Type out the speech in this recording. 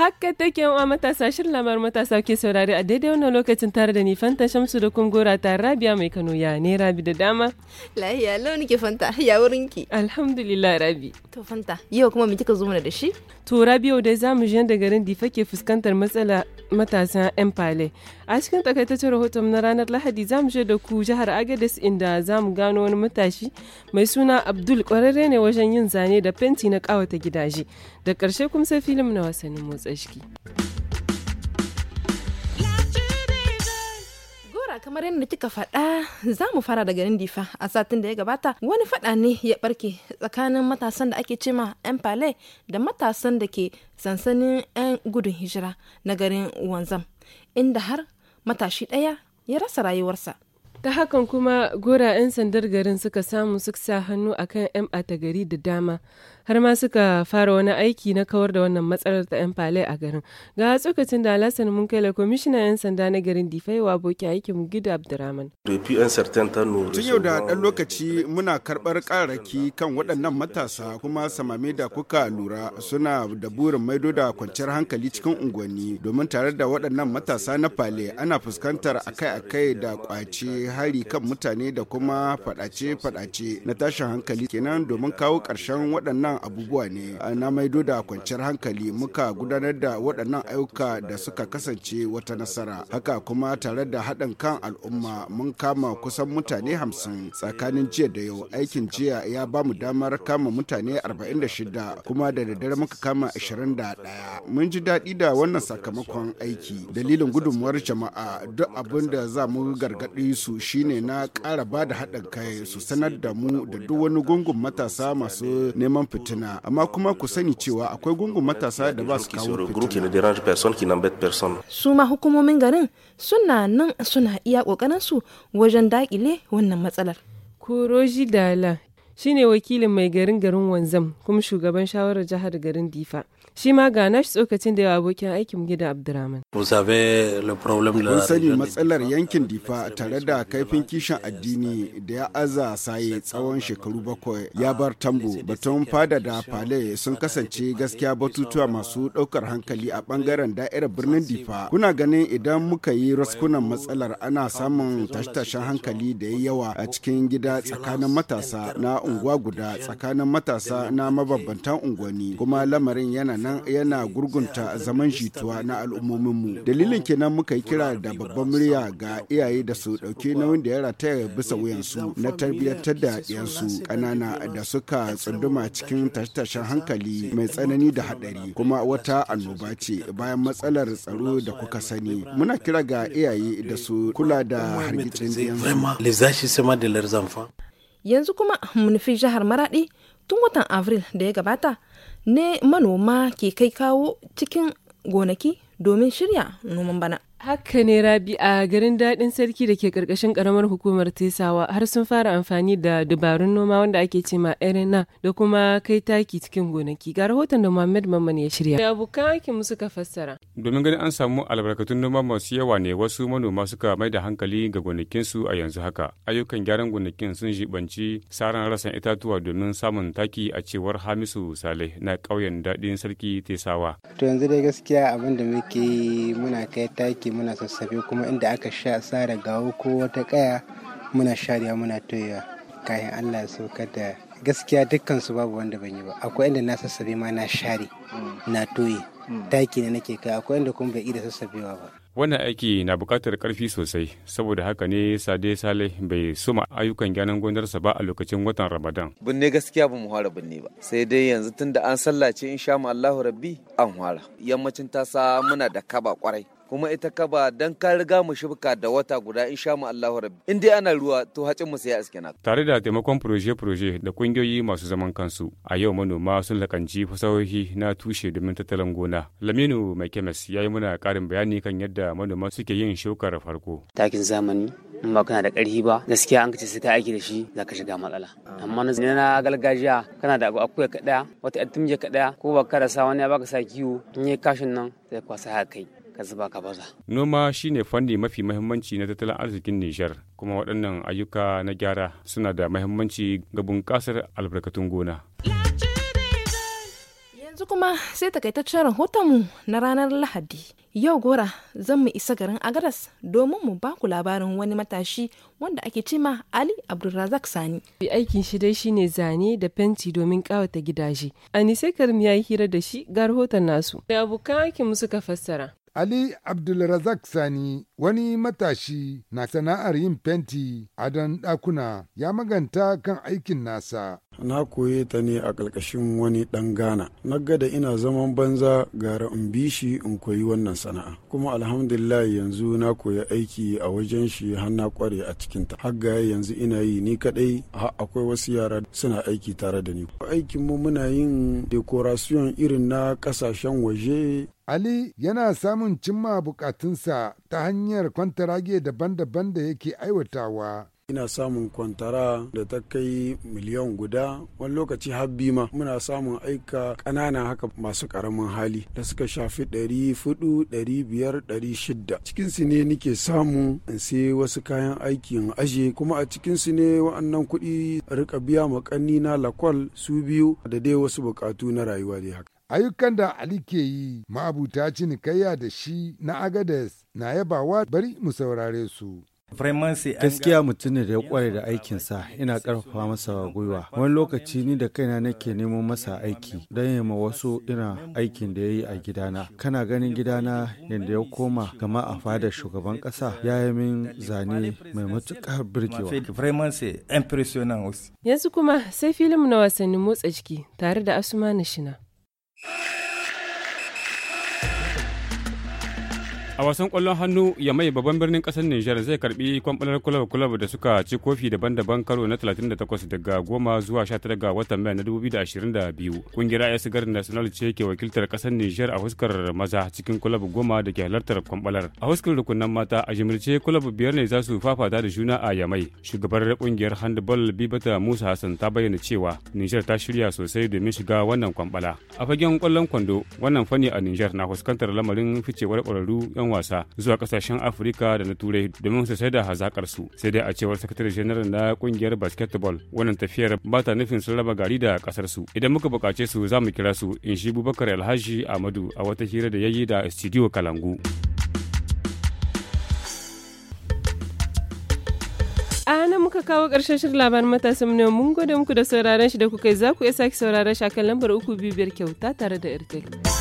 Haka take yawan matasa shirin lamar matasa ke saurari a daidai wannan lokacin tare da ni Fanta Shamsu da Kungora ta Rabia mai Kano ya ne Rabi da dama. Lahiya lau nake Fanta ya wurin ki. Alhamdulillah Rabi. To Fanta yau kuma me kika zo mana da shi? To Rabi yau dai zamu je da garin Difa ke fuskantar matsala matasan yan pale. A cikin takaitaccen rahoton na ranar Lahadi zamu je da ku jihar Agadez inda zamu gano wani matashi mai suna Abdul kwararre ne wajen yin zane da fenti na kawata gidaje. Da ƙarshe kuma sai filim na wasannin motsi. gora kamar yadda kika faɗa za mu fara da garin difa a satin da ya gabata wani faɗa ne ya ɓarke tsakanin matasan da ake cema 'yan fale da matasan da ke sansanin 'yan gudun hijira na garin wanzam inda har matashi ɗaya ya rasa rayuwarsa ta hakan kuma gora 'yan sandar garin suka samu suka sa hannu akan 'yan ɓata gari da dama har ma suka fara wani aiki na kawar da wannan matsalar ta 'yan fale a garin ga tsokacin da alasan mun kai la kwamishinan 'yan sanda na garin difai wa aboki aikin mu gida abdurrahman tun yau da ɗan lokaci muna karɓar ƙararraki kan waɗannan matasa kuma samame da kuka lura suna da burin maido da kwanciyar hankali cikin unguwanni domin tare da waɗannan matasa na fale ana fuskantar akai-akai da kwace hari kan mutane da kuma faɗace-faɗace na tashin hankali kenan domin kawo ƙarshen waɗannan abubuwa ne na maido da kwanciyar hankali muka gudanar da waɗannan ayyuka da suka kasance wata nasara haka kuma tare da haɗin kan al'umma mun kama kusan mutane hamsin tsakanin jiya da yau aikin jiya ya ba mu damar kama mutane 46 kuma da daddare muka kama 21 mun ji daɗi da wannan sakamakon aiki dalilin gudunmuwar jama'a duk abin da za mu gargaɗi su shine na ƙara ba da haɗin kai su sanar da mu da duk wani gungun matasa masu neman fit fitina amma kuma ku sani cewa akwai gungun matasa da ba su kawo fitina. Su ma hukumomin garin suna nan suna iya ƙoƙarinsu wajen dakile wannan matsalar. Kuroji Dala shine wakilin mai garin garin wanzam kuma shugaban shawarar jihar garin difa shi ma ga nashi tsokacin da yawa abokin aikin gida abdurrahman kun sani matsalar yankin difa tare da kaifin kishin addini da ya aza saye tsawon shekaru bakwai ya bar tambo batun fada da fale sun kasance gaskiya batutuwa masu daukar hankali a bangaren da'irar birnin difa kuna ganin idan muka yi raskunan matsalar ana samun tashe hankali da yawa a cikin gida tsakanin matasa na unguwa guda tsakanin matasa na mabambantan unguwanni kuma lamarin yana nan yana gurgunta zaman jituwa na al'ummominmu dalilin kenan muka yi kira da babban murya ga iyaye da su dauke nauyin da ya rataya bisa wuyansu na tarbiyyantar da yansu kanana da suka tsunduma cikin tashe-tashen hankali mai tsanani da haɗari kuma wata annoba ce bayan matsalar tsaro da kuka sani muna kira ga iyaye da su kula da hargitsin yansu yanzu kuma mun fi jihar maraɗi tun watan afril da ya gabata ne manoma ke kai kawo cikin gonaki domin shirya noman bana Haka ne Rabi a garin daɗin sarki da ke ƙarƙashin ƙaramar hukumar Tesawa har sun fara amfani da dabarun noma wanda ake ce ma Erena da kuma kai taki cikin gonaki. Ga rahoton da Muhammad Mamman ya shirya. Da abokan aikin mu suka fassara. Domin ganin an samu albarkatun noma masu yawa ne wasu manoma suka mai da hankali ga gonakinsu a yanzu haka. Ayyukan gyaran gonakin sun jibanci saran rasan itatuwa domin samun taki a cewar Hamisu Saleh na ƙauyen daɗin sarki Tesawa. To yanzu dai gaskiya abin da muke muna kai taki muna sassafe kuma inda aka sha sare gawo ko wata kaya muna shariya muna toyewa kayan allah so kada gaskiya dukkan su babu wanda ban yi ba akwai inda na sassabe ma na share mm. na toye mm. taki ne nake kai akwai inda kuma bai ida sassafewa ba wannan aiki na bukatar karfi sosai saboda haka ne sade sale bai suma ayyukan gyanan gonarsa ba a lokacin watan ramadan binne gaskiya ba mu fara binne ba sai dai yanzu tunda da an sallace in sha mu allahu rabbi an fara yammacin tasa muna da kaba kwarai kuma ita ka ba dan ka riga mu shibka da wata guda in sha mu Allahu rabbi in dai ana ruwa to hacin mu sai aske na tare da taimakon proje proje da kungiyoyi masu zaman kansu a yau manoma sun lakanci fasahohi na tushe domin tattalin gona Laminu mai kemis ya yi muna karin bayani kan yadda manoma suke yin shukar farko takin zamani in ba kana da karfi ba gaskiya an kace sai ka aiki da shi za ka shiga matsala amma na na gargajiya kana da akuya kaɗaya wata attimje kaɗaya ko ba ka da wani ya baka sa kiwo in yi kashin nan sai kwasa haka kai ka zuba ka baza. Noma shine fanni mafi mahimmanci na tattalin arzikin Nijar, kuma waɗannan ayyuka na gyara suna da mahimmanci ga bunƙasar albarkatun gona. Yanzu kuma sai takaitaccen rahotonmu na ranar Lahadi. Yau gora zan mu isa garin Agaras domin mu baku labarin wani matashi wanda ake cima Ali Abdulrazak Sani. Aikin shi dai shine zane da fenti domin kawata gidaje. Anise Karim ya yi hira da shi ga rahoton nasu. Da abokan aikin mu suka fassara. Ali Abdulrazak Sani wani matashi na sana'ar yin fenti a don dakuna, ya maganta kan aikin nasa. na koye ta ne a ƙarƙashin wani ɗan Ghana. Na gada ina zaman banza gara in bi shi in koyi wannan sana'a kuma alhamdulillah yanzu na koyi aiki a wajen shi har na kware a cikin ta har ga yanzu ina yi ni kadai akwai wasu yara suna aiki tare da ni aikin mu muna yin decoration irin na kasashen waje Ali yana samun cimma bukatunsa ta hanyar kwantarage daban-daban da yake aiwatawa ina samun kwantara da ta kai miliyan guda wani lokaci har bima. muna samun aika ƙanana haka masu ƙaramin hali da suka shafi ɗari fudu ɗari biyar ɗari shidda cikinsu ne nike samu in sai wasu kayan aikin aje kuma a cikinsu ne wa'annan kuɗi rika biya ma na lakwal su biyu da dai wasu buƙatu na rayuwa dai haka ayyukan da Ali ke yi ma'abuta cinikayya da shi na Agades na yabawa bari mu saurare su. Gaskiya mutum ne da ya kware da aikinsa ina karfafa masa gwiwa. Wani lokaci ni da kaina nake nemo masa aiki don ya ma wasu ina aikin da ya yi a gidana. Kana ganin gidana yadda ya koma kama a fadar shugaban kasa ya yi min zane mai matuƙar birgewa. Yanzu kuma sai filim na wasannin motsa jiki tare da Asuma na Shina. a wasan kwallon hannu ya mai babban birnin kasar nijar zai karbi kwamfanar kulab kulab da suka ci kofi daban-daban karo na 38 daga goma zuwa 19 ga watan mai na 2022 kungiyar as gar national ce ke wakiltar kasar nijar a huskar maza cikin kulab goma da ke halartar kwamfalar a huskar rukunan mata a jimirce kulab biyar ne za su fafata da juna a yamai shugabar kungiyar handball bibata musa hassan ta bayyana cewa nijar ta shirya sosai domin shiga wannan kwamfala a fagen kwallon kwando wannan fanni a nijar na fuskantar lamarin ficewar kwararru yan wasa zuwa kasashen Afirka da na Turai domin su sai da hazakar su. Sai dai a cewar sakatare janar na kungiyar basketball wannan tafiyar ba ta nufin sun raba gari da kasar su. Idan muka bukace su za mu kira su in shi Bubakar Alhaji Amadu a wata hira da yayi da Studio Kalangu. a nan muka kawo ƙarshen shirin labarin matasan ne mun gode muku da sauraron shi da kuka yi za ku iya sake sauraron shi a kan lambar uku biyu biyar kyauta tare da airtel.